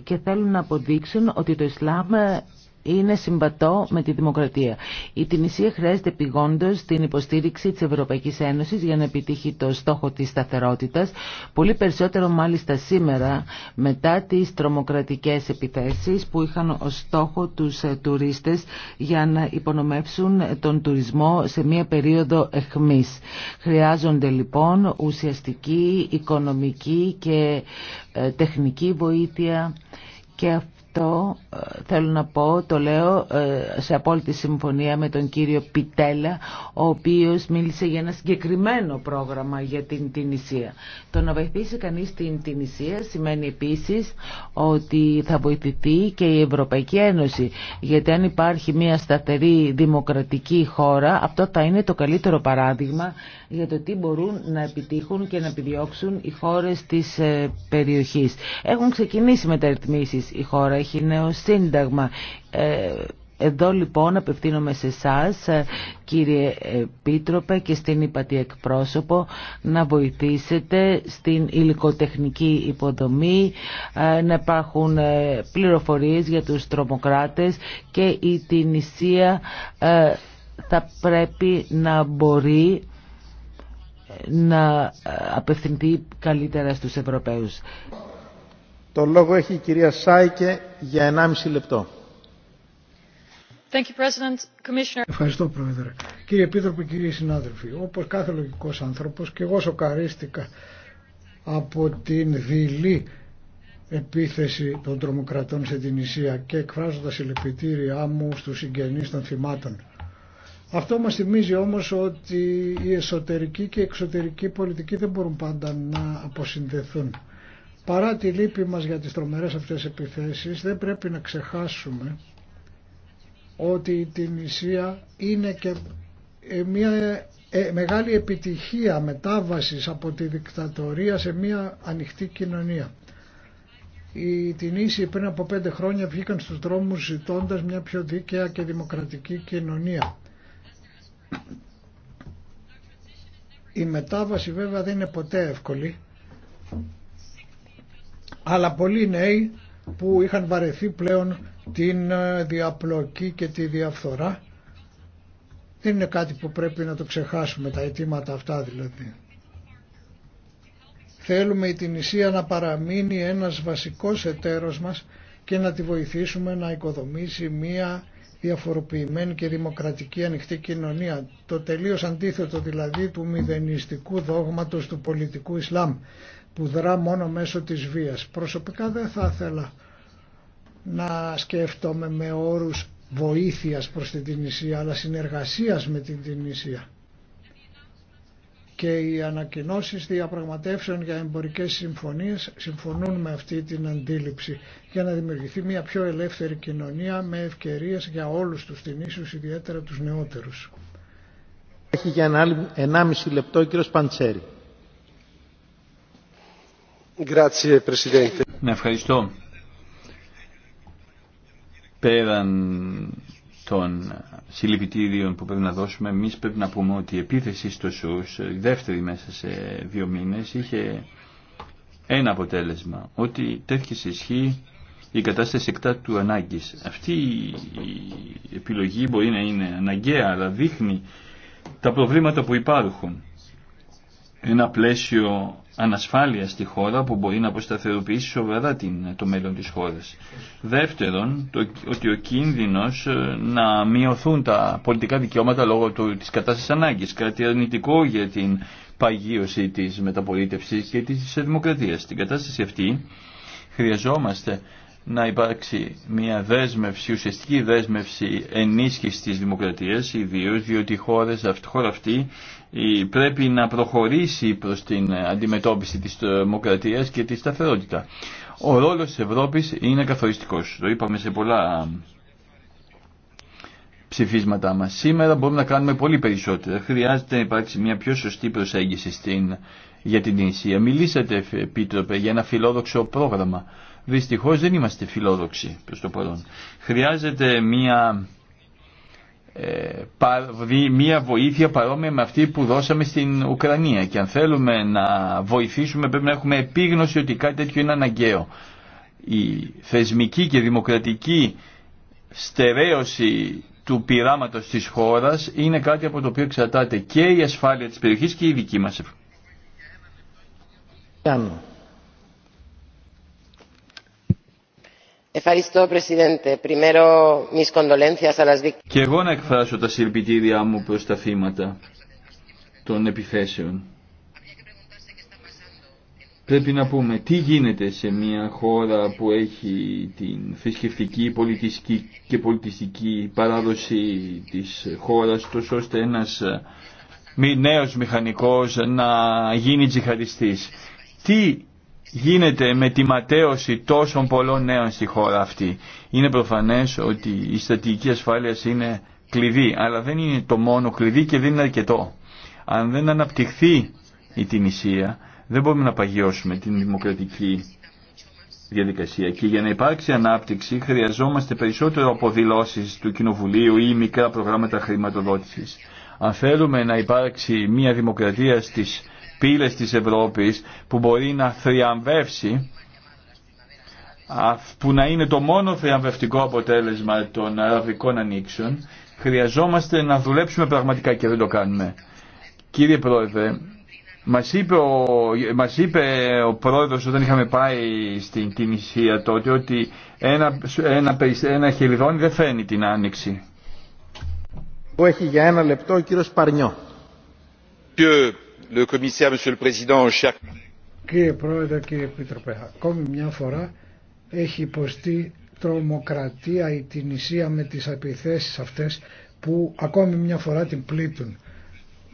και θέλουν να αποδείξουν ότι το Ισλάμ είναι συμβατό με τη δημοκρατία. Η Τινησία χρειάζεται πηγόντως την υποστήριξη της Ευρωπαϊκής Ένωσης για να επιτύχει το στόχο της σταθερότητας, πολύ περισσότερο μάλιστα σήμερα μετά τις τρομοκρατικές επιθέσεις που είχαν ως στόχο τους ε, τουρίστες για να υπονομεύσουν τον τουρισμό σε μια περίοδο εχμής. Χρειάζονται λοιπόν ουσιαστική, οικονομική και ε, τεχνική βοήθεια και το ε, θέλω να πω, το λέω ε, σε απόλυτη συμφωνία με τον κύριο Πιτέλα, ο οποίος μίλησε για ένα συγκεκριμένο πρόγραμμα για την Τινησία. Το να βοηθήσει κανείς την Τινησία σημαίνει επίσης ότι θα βοηθηθεί και η Ευρωπαϊκή Ένωση, γιατί αν υπάρχει μια σταθερή δημοκρατική χώρα, αυτό θα είναι το καλύτερο παράδειγμα για το τι μπορούν να επιτύχουν και να επιδιώξουν οι χώρες της ε, περιοχής. Έχουν ξεκινήσει μεταρρυθμίσεις η χώρα έχει νέο σύνταγμα. Ε, εδώ λοιπόν απευθύνομαι σε εσά, ε, κύριε επίτροπε, και στην υπατή εκπρόσωπο να βοηθήσετε στην υλικοτεχνική υποδομή ε, να υπάρχουν πληροφορίες για τους τρομοκράτες και η Τινησία θα πρέπει να μπορεί να απευθυνθεί καλύτερα στους Ευρωπαίους. Το λόγο έχει η κυρία Σάικε για 1,5 λεπτό. Ευχαριστώ Πρόεδρε. Κύριε Επίτροπε, κύριοι συνάδελφοι, όπως κάθε λογικός άνθρωπος και εγώ σοκαρίστηκα από την δειλή επίθεση των τρομοκρατών σε την Ισία και εκφράζοντας λυπητήριά μου στους συγγενείς των θυμάτων. Αυτό μας θυμίζει όμως ότι η εσωτερική και η εξωτερική πολιτική δεν μπορούν πάντα να αποσυνδεθούν. Παρά τη λύπη μας για τις τρομερές αυτές επιθέσεις δεν πρέπει να ξεχάσουμε ότι η Τινησία είναι και ε, μια ε, μεγάλη επιτυχία μετάβασης από τη δικτατορία σε μια ανοιχτή κοινωνία. Οι Τινήσιοι πριν από πέντε χρόνια βγήκαν στους δρόμους ζητώντας μια πιο δίκαια και δημοκρατική κοινωνία. Η μετάβαση βέβαια δεν είναι ποτέ εύκολη αλλά πολλοί νέοι που είχαν βαρεθεί πλέον την ε, διαπλοκή και τη διαφθορά. Δεν είναι κάτι που πρέπει να το ξεχάσουμε τα αιτήματα αυτά δηλαδή. Θέλουμε η Τινησία να παραμείνει ένας βασικός εταίρος μας και να τη βοηθήσουμε να οικοδομήσει μία διαφοροποιημένη και δημοκρατική ανοιχτή κοινωνία. Το τελείως αντίθετο δηλαδή του μηδενιστικού δόγματος του πολιτικού Ισλάμ που δρά μόνο μέσω της βίας. Προσωπικά δεν θα ήθελα να σκέφτομαι με όρους βοήθειας προς την Τινησία αλλά συνεργασίας με την Τινησία και οι ανακοινώσεις διαπραγματεύσεων για εμπορικές συμφωνίες συμφωνούν με αυτή την αντίληψη για να δημιουργηθεί μια πιο ελεύθερη κοινωνία με ευκαιρίες για όλους τους Τινήσιους ιδιαίτερα τους νεότερους. Έχει για 1,5 λεπτό ο κύριος ναι, ευχαριστώ. Πέραν των συλληπιτήριων που πρέπει να δώσουμε, εμεί πρέπει να πούμε ότι η επίθεση στο ΣΟΥΣ, η δεύτερη μέσα σε δύο μήνες, είχε ένα αποτέλεσμα, ότι τέθηκε σε ισχύ η κατάσταση εκτά του ανάγκης. Αυτή η επιλογή μπορεί να είναι αναγκαία, αλλά δείχνει τα προβλήματα που υπάρχουν ένα πλαίσιο ανασφάλεια στη χώρα που μπορεί να αποσταθεροποιήσει σοβαρά την, το μέλλον της χώρας. Δεύτερον, το, ότι ο κίνδυνος ε, να μειωθούν τα πολιτικά δικαιώματα λόγω του, της κατάστασης ανάγκης, κάτι αρνητικό για την παγίωση της μεταπολίτευσης και της δημοκρατίας. Στην κατάσταση αυτή χρειαζόμαστε να υπάρξει μια δέσμευση, ουσιαστική δέσμευση ενίσχυσης της δημοκρατίας, ιδίως διότι η χώρα, χώρα αυτή πρέπει να προχωρήσει προς την αντιμετώπιση της δημοκρατίας και τη σταθερότητα. Ο ρόλος της Ευρώπης είναι καθοριστικός. Το είπαμε σε πολλά ψηφίσματά μας. Σήμερα μπορούμε να κάνουμε πολύ περισσότερα. Χρειάζεται να υπάρξει μια πιο σωστή προσέγγιση στην, για την Ινσία. Μιλήσατε, Επίτροπε, για ένα φιλόδοξο πρόγραμμα Δυστυχώς δεν είμαστε φιλόδοξοι προς το παρόν. Χρειάζεται μία, ε, μία βοήθεια παρόμοια με αυτή που δώσαμε στην Ουκρανία και αν θέλουμε να βοηθήσουμε πρέπει να έχουμε επίγνωση ότι κάτι τέτοιο είναι αναγκαίο. Η θεσμική και δημοκρατική στερέωση του πειράματος της χώρας είναι κάτι από το οποίο εξαρτάται και η ασφάλεια της περιοχής και η δική μας. Ευχαριστώ, Presidente. Primero, mis condolencias a las víctimas. Και εγώ να εκφράσω τα συλληπιτήριά μου προς τα θύματα των επιθέσεων. Πρέπει να πούμε τι γίνεται σε μια χώρα που έχει την θρησκευτική πολιτιστική και πολιτιστική παράδοση της χώρας τόσο ώστε ένας νέος μηχανικός να γίνει τζιχαριστής. Τι γίνεται με τη ματέωση τόσων πολλών νέων στη χώρα αυτή. Είναι προφανές ότι η στρατηγική ασφάλεια είναι κλειδί, αλλά δεν είναι το μόνο κλειδί και δεν είναι αρκετό. Αν δεν αναπτυχθεί η Τινησία, δεν μπορούμε να παγιώσουμε την δημοκρατική διαδικασία. Και για να υπάρξει ανάπτυξη χρειαζόμαστε περισσότερο από του Κοινοβουλίου ή μικρά προγράμματα χρηματοδότησης. Αν θέλουμε να υπάρξει μια δημοκρατία στις πύλες της Ευρώπης που μπορεί να θριαμβεύσει που να είναι το μόνο θριαμβευτικό αποτέλεσμα των αραβικών ανοίξεων χρειαζόμαστε να δουλέψουμε πραγματικά και δεν το κάνουμε. Κύριε Πρόεδρε, μας είπε ο, μας πρόεδρος όταν είχαμε πάει στην Τινησία τότε ότι ένα, ένα, ένα χελιδόνι δεν φαίνει την άνοιξη. Που έχει για Κύριε Πρόεδρε, κύριε Επίτροπε, ακόμη μια φορά έχει υποστεί τρομοκρατία η Τινησία με τις επιθέσεις αυτές που ακόμη μια φορά την πλήττουν.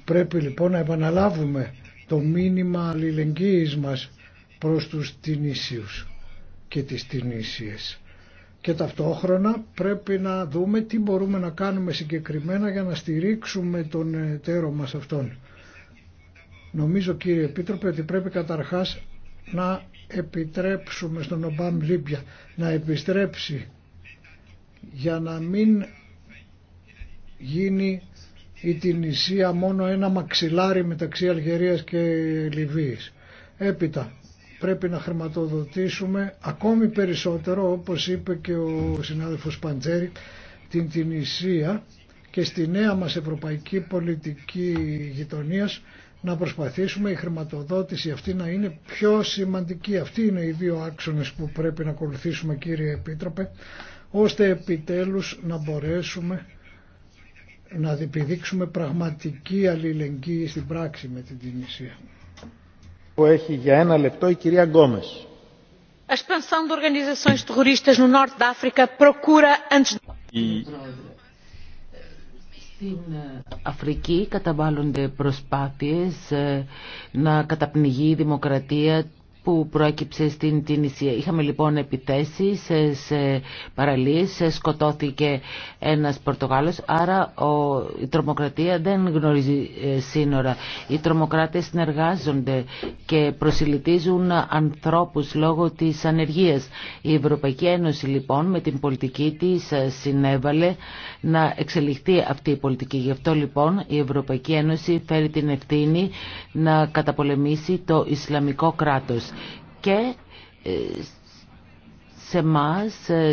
Πρέπει λοιπόν να επαναλάβουμε το μήνυμα αλληλεγγύης μας προς τους Τινήσιους και τις Τινήσιες. Και ταυτόχρονα πρέπει να δούμε τι μπορούμε να κάνουμε συγκεκριμένα για να στηρίξουμε τον εταίρο μας αυτόν. Νομίζω κύριε Επίτροπε ότι πρέπει καταρχάς να επιτρέψουμε στον Ομπάμ Λίμπια να επιστρέψει για να μην γίνει η Τινησία μόνο ένα μαξιλάρι μεταξύ Αλγερίας και Λιβύης. Έπειτα πρέπει να χρηματοδοτήσουμε ακόμη περισσότερο όπως είπε και ο συνάδελφος Παντζέρη την Τινησία και στη νέα μας ευρωπαϊκή πολιτική γειτονίας να προσπαθήσουμε η χρηματοδότηση αυτή να είναι πιο σημαντική. Αυτοί είναι οι δύο άξονες που πρέπει να ακολουθήσουμε κύριε Επίτροπε, ώστε επιτέλους να μπορέσουμε να επιδείξουμε πραγματική αλληλεγγύη στην πράξη με την Τινησία. Που έχει για ένα λεπτό Η στην ε, Αφρική καταβάλλονται προσπάθειες ε, να καταπνιγεί η δημοκρατία που προέκυψε στην Τινησία. Είχαμε λοιπόν επιθέσεις σε παραλίες, σκοτώθηκε ένας Πορτογάλος, άρα η τρομοκρατία δεν γνωρίζει ε, σύνορα. Οι τρομοκράτες συνεργάζονται και προσιλητίζουν ανθρώπους λόγω της ανεργίας. Η Ευρωπαϊκή Ένωση λοιπόν με την πολιτική της ε, συνέβαλε να εξελιχθεί αυτή η πολιτική. Γι' αυτό λοιπόν η Ευρωπαϊκή Ένωση φέρει την ευθύνη να καταπολεμήσει το Ισλαμικό κράτος και ε, σε εμά,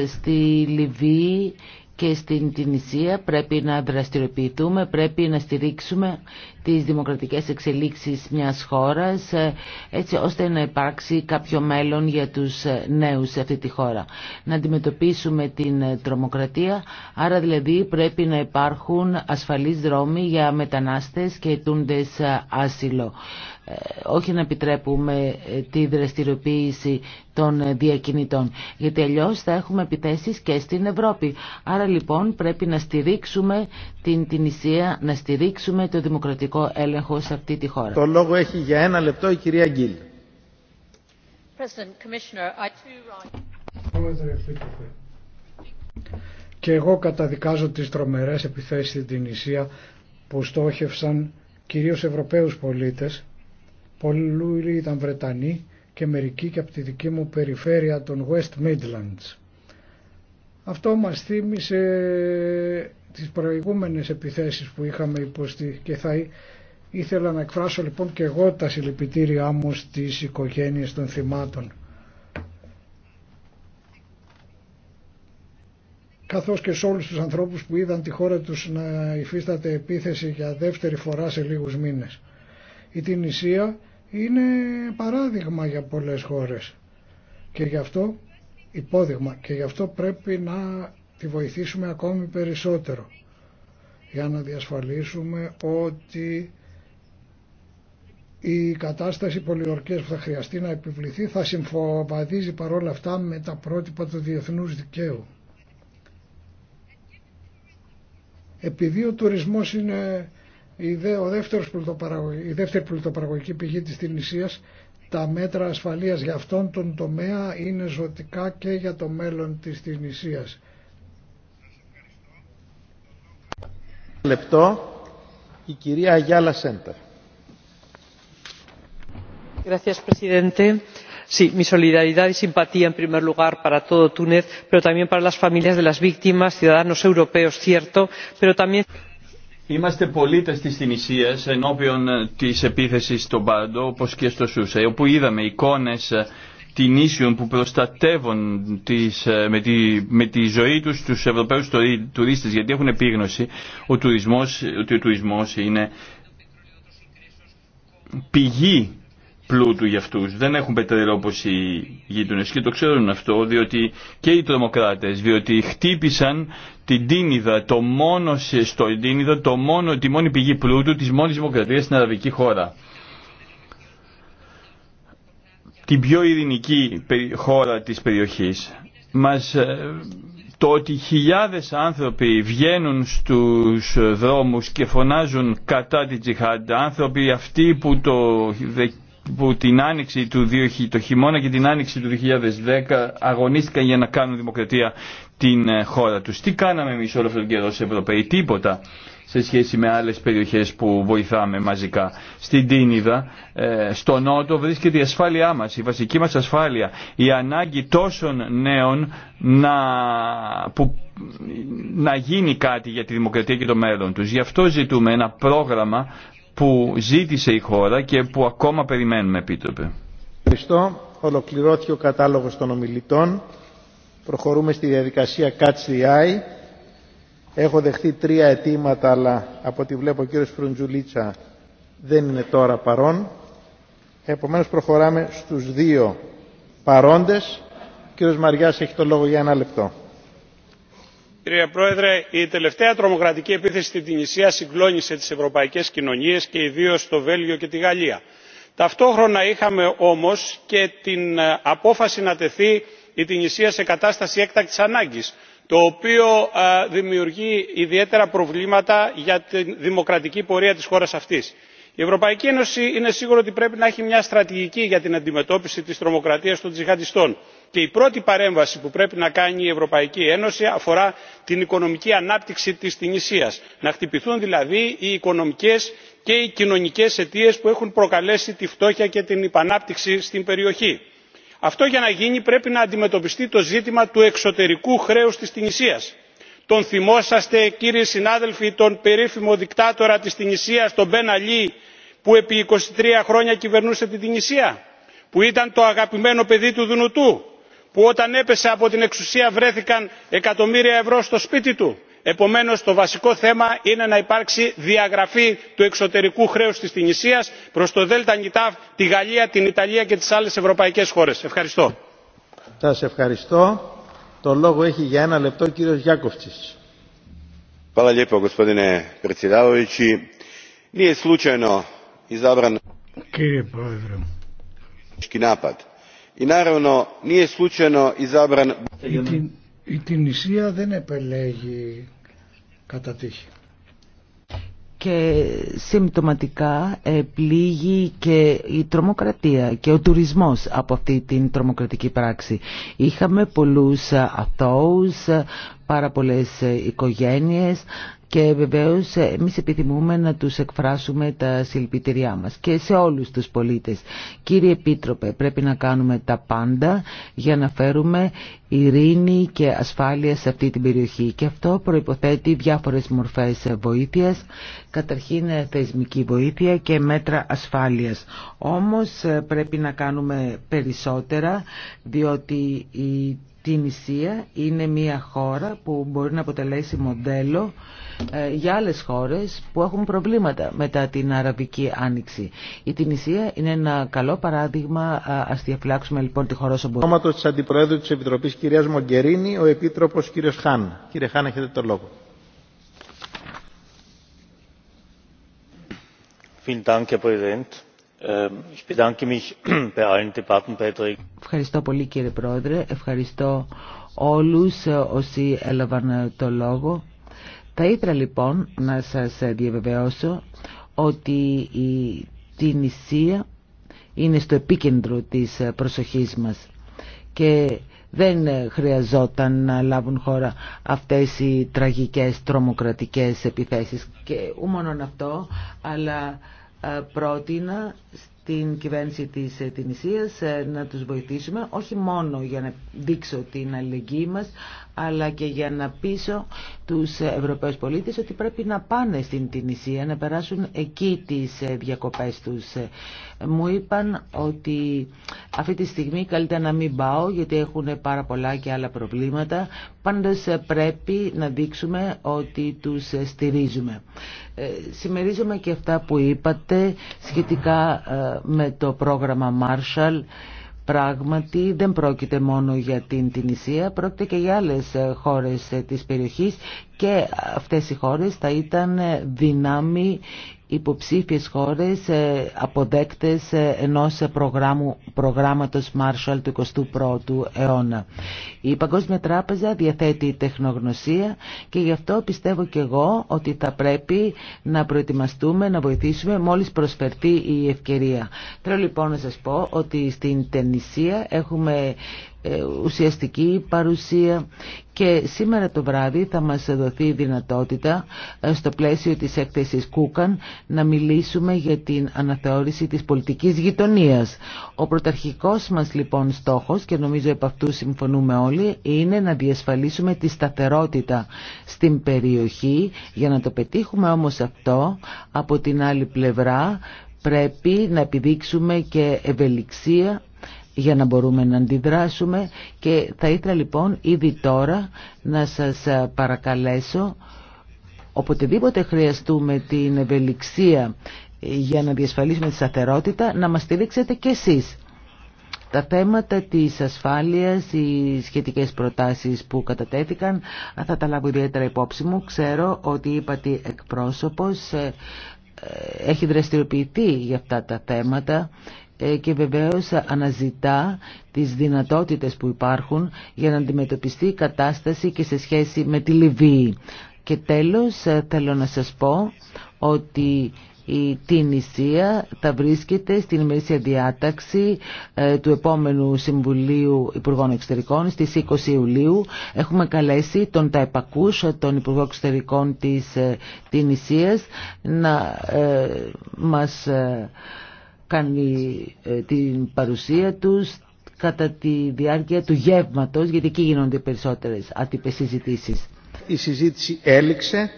στη Λιβύη και στην Τινησία πρέπει να δραστηριοποιηθούμε, πρέπει να στηρίξουμε τις δημοκρατικές εξελίξεις μιας χώρας ε, έτσι ώστε να υπάρξει κάποιο μέλλον για τους ε, νέους σε αυτή τη χώρα. Να αντιμετωπίσουμε την τρομοκρατία, άρα δηλαδή πρέπει να υπάρχουν ασφαλείς δρόμοι για μετανάστες και αιτούντες άσυλο. Ε, όχι να επιτρέπουμε ε, τη δραστηριοποίηση των ε, διακινητών. Γιατί αλλιώ θα έχουμε επιθέσεις και στην Ευρώπη. Άρα λοιπόν πρέπει να στηρίξουμε την Τινησία, να στηρίξουμε το δημοκρατικό έλεγχο σε αυτή τη χώρα. Το λόγο έχει για ένα λεπτό η κυρία Γκίλ. Και εγώ καταδικάζω τις τρομερές επιθέσεις στην Τινησία που στόχευσαν κυρίως Ευρωπαίους πολίτες Πολλοί ήταν Βρετανοί και μερικοί και από τη δική μου περιφέρεια των West Midlands. Αυτό μας θύμισε τις προηγούμενες επιθέσεις που είχαμε υποστεί και θα ήθελα να εκφράσω λοιπόν και εγώ τα συλληπιτήριά μου στις οικογένειες των θυμάτων. καθώς και σε όλους τους ανθρώπους που είδαν τη χώρα τους να υφίσταται επίθεση για δεύτερη φορά σε λίγους μήνες. Η Τινησία είναι παράδειγμα για πολλές χώρες και γι' αυτό υπόδειγμα και γι' αυτό πρέπει να τη βοηθήσουμε ακόμη περισσότερο για να διασφαλίσουμε ότι η κατάσταση πολιορκίας που θα χρειαστεί να επιβληθεί θα συμφοβαδίζει παρόλα αυτά με τα πρότυπα του διεθνούς δικαίου. Επειδή ο τουρισμός είναι η, ο δεύτερος η δεύτερη πλουτοπαραγωγική πηγή της Τινησίας, τα μέτρα ασφαλείας για αυτόν τον τομέα είναι ζωτικά και για το μέλλον της Τινησίας. Λεπτό, η κυρία Αγιάλα Σέντερ. Gracias, presidente. Sí, mi solidaridad y simpatía en primer lugar para todo Túnez, pero también para las familias de las víctimas, ciudadanos europeos, cierto, pero también. Είμαστε πολίτες της Τινησίας ενώπιον της επίθεσης στον Πάντο όπως και στο Σούσα όπου είδαμε εικόνες Τινήσιων που προστατεύουν τις, ε, με, τη, ζωή τους τους Ευρωπαίους τουρίστες γιατί έχουν επίγνωση ο τουρισμός, ότι ο τουρισμός είναι πηγή πλούτου για αυτούς. Δεν έχουν πετρέλαιο όπως οι γείτονες και το ξέρουν αυτό διότι και οι τρομοκράτες διότι χτύπησαν στην Τίνιδα, το μόνο, στο Τίνιδα, το μόνο, τη μόνη πηγή πλούτου της μόνης δημοκρατίας στην αραβική χώρα. Την πιο ειρηνική χώρα της περιοχής. Μας, ε, το ότι χιλιάδες άνθρωποι βγαίνουν στους δρόμους και φωνάζουν κατά την τζιχάντα, άνθρωποι αυτοί που, το, που την άνοιξη του, το χειμώνα και την άνοιξη του 2010 αγωνίστηκαν για να κάνουν δημοκρατία την ε, χώρα τους. Τι κάναμε εμείς όλο αυτόν τον καιρό σε Ευρωπαίοι, τίποτα σε σχέση με άλλες περιοχές που βοηθάμε μαζικά. Στην Τίνιδα, ε, στο Νότο βρίσκεται η ασφάλειά μας, η βασική μας ασφάλεια, η ανάγκη τόσων νέων να, να γίνει κάτι για τη δημοκρατία και το μέλλον τους. Γι' αυτό ζητούμε ένα πρόγραμμα που ζήτησε η χώρα και που ακόμα περιμένουμε, Επίτροπε. Ευχαριστώ. Ολοκληρώθηκε ο κατάλογος των ομιλητών. Προχωρούμε στη διαδικασία Catch the Eye. Έχω δεχτεί τρία αιτήματα, αλλά από ό,τι βλέπω ο κύριος Φρουντζουλίτσα δεν είναι τώρα παρόν. Επομένως προχωράμε στους δύο παρόντες. Ο κύριος Μαριάς έχει το λόγο για ένα λεπτό. Κύριε Πρόεδρε, η τελευταία τρομοκρατική επίθεση στην Τινησία συγκλώνησε τις ευρωπαϊκές κοινωνίες και ιδίως το Βέλγιο και τη Γαλλία. Ταυτόχρονα είχαμε όμως και την ε, απόφαση να τεθεί η τινησία σε κατάσταση έκτακτης ανάγκης το οποίο ε, δημιουργεί ιδιαίτερα προβλήματα για τη δημοκρατική πορεία της χώρας αυτής. η ευρωπαϊκή ένωση είναι σίγουρο ότι πρέπει να έχει μια στρατηγική για την αντιμετώπιση της τρομοκρατίας των τζιχαντιστών και η πρώτη παρέμβαση που πρέπει να κάνει η ευρωπαϊκή ένωση αφορά την οικονομική ανάπτυξη της τινησίας να χτυπηθούν δηλαδή οι οικονομικές και οι κοινωνικές αιτίες που έχουν προκαλέσει τη φτώχεια και την υπανάπτυξη στην περιοχή αυτό για να γίνει πρέπει να αντιμετωπιστεί το ζήτημα του εξωτερικού χρέους της τινησίας. τον θυμόσαστε κύριοι συνάδελφοι τον περίφημο δικτάτορα της τινησίας τον μπεν αλή που επί 23 χρόνια κυβερνούσε την τινησία που ήταν το αγαπημένο παιδί του δουνουτού που όταν έπεσε από την εξουσία βρέθηκαν εκατομμύρια ευρώ στο σπίτι του επομένως το βασικό θέμα είναι να υπάρξει διαγραφή του εξωτερικού χρέους της τινησίας προς το δελτα τη γαλλία την ιταλία και τις άλλες ευρωπαϊκές χώρες. ευχαριστώ. Σας ευχαριστώ. Το λόγο έχει για ένα λεπτό ο κύριος Γιάκοφτσης. Hvala lijepo gospodine predsjedavajući. Nije slučajno izabran Κύριε Πρόεδρε. napad. I naravno nije slučajno izabran η Τινησία δεν επελέγει κατά τύχη. Και συμπτωματικά πλήγει και η τρομοκρατία και ο τουρισμός από αυτή την τρομοκρατική πράξη. Είχαμε πολλούς αθώους, πάρα πολλές οικογένειες και βεβαίως εμείς επιθυμούμε να τους εκφράσουμε τα συλληπιτηριά μας και σε όλους τους πολίτες. Κύριε Επίτροπε, πρέπει να κάνουμε τα πάντα για να φέρουμε ειρήνη και ασφάλεια σε αυτή την περιοχή και αυτό προϋποθέτει διάφορες μορφές βοήθειας, καταρχήν θεσμική βοήθεια και μέτρα ασφάλειας. Όμως πρέπει να κάνουμε περισσότερα διότι την Ισία είναι μια χώρα που μπορεί να αποτελέσει μοντέλο ε, για άλλες χώρες που έχουν προβλήματα μετά την Αραβική Άνοιξη. Η Τινησία είναι ένα καλό παράδειγμα. Ας διαφυλάξουμε λοιπόν τη χώρα όσο μπορούμε. της Αντιπροέδρου της Επιτροπής κυρίας Μογκερίνη, ο Επίτροπος κύριος Χάν. Κύριε Χάν, έχετε το λόγο. Vielen Dank, Präsident. Ευχαριστώ πολύ κύριε Πρόεδρε, ευχαριστώ όλους ε, όσοι έλαβαν ε, το λόγο. Θα ήθελα λοιπόν να σας ε, διαβεβαιώσω ότι η νησία είναι στο επίκεντρο της προσοχής μας και δεν χρειαζόταν να λάβουν χώρα αυτές οι τραγικές τρομοκρατικές επιθέσεις και ούμονον αυτό αλλά πρότεινα στην κυβέρνηση της Τινησίας ε, να τους βοηθήσουμε όχι μόνο για να δείξω την αλληλεγγύη μας αλλά και για να πείσω τους Ευρωπαίους πολίτες ότι πρέπει να πάνε στην Τινησία να περάσουν εκεί τις ε, διακοπές τους μου είπαν ότι αυτή τη στιγμή καλύτερα να μην πάω γιατί έχουν πάρα πολλά και άλλα προβλήματα πάντως ε, πρέπει να δείξουμε ότι τους στηρίζουμε ε, συμμερίζομαι και αυτά που είπατε σχετικά ε, με το πρόγραμμα Marshall. Πράγματι δεν πρόκειται μόνο για την Τινησία, πρόκειται και για άλλες ε, χώρες της περιοχής και αυτές οι χώρες θα ήταν δυνάμει υποψήφιες χώρες ε, αποδέκτες ε, ενός προγράμμου, προγράμματος Marshall του 21ου αιώνα. Η Παγκόσμια Τράπεζα διαθέτει τεχνογνωσία και γι' αυτό πιστεύω και εγώ ότι θα πρέπει να προετοιμαστούμε, να βοηθήσουμε μόλις προσφερθεί η ευκαιρία. Θέλω λοιπόν να σας πω ότι στην Τενησία έχουμε ε, ουσιαστική παρουσία και σήμερα το βράδυ θα μας δοθεί η δυνατότητα ε, στο πλαίσιο της έκθεσης Κούκαν να μιλήσουμε για την αναθεώρηση της πολιτικής γειτονίας. Ο πρωταρχικός μας λοιπόν στόχος και νομίζω επ' αυτού συμφωνούμε όλοι είναι να διασφαλίσουμε τη σταθερότητα στην περιοχή για να το πετύχουμε όμως αυτό από την άλλη πλευρά πρέπει να επιδείξουμε και ευελιξία για να μπορούμε να αντιδράσουμε και θα ήθελα λοιπόν ήδη τώρα να σας ε, παρακαλέσω οποτεδήποτε χρειαστούμε την ευελιξία ε, για να διασφαλίσουμε τη σταθερότητα να μας στηρίξετε κι εσείς. Τα θέματα της ασφάλειας, οι σχετικές προτάσεις που κατατέθηκαν θα τα λάβω ιδιαίτερα υπόψη μου. Ξέρω ότι είπα ότι εκπρόσωπος ε, έχει δραστηριοποιηθεί για αυτά τα θέματα ε, και βεβαίως αναζητά τις δυνατότητες που υπάρχουν για να αντιμετωπιστεί η κατάσταση και σε σχέση με τη Λιβύη. Και τέλος ε, θέλω να σας πω ότι η Τινησία θα βρίσκεται στην ημερήσια διάταξη ε, του επόμενου Συμβουλίου Υπουργών Εξωτερικών στις 20 Ιουλίου. Έχουμε καλέσει τον Ταϊπακούς, τον Υπουργό Εξωτερικών της Τινησίας, να μας κάνει ε, την παρουσία τους κατά τη διάρκεια του γεύματος, γιατί εκεί γίνονται περισσότερες άτυπες συζητήσεις. Η συζήτηση έληξε.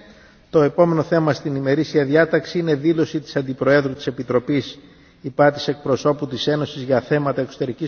Το επόμενο θέμα στην ημερήσια διάταξη είναι δήλωση της Αντιπροέδρου της Επιτροπής υπά της εκπροσώπου της Ένωσης για θέματα εξωτερικής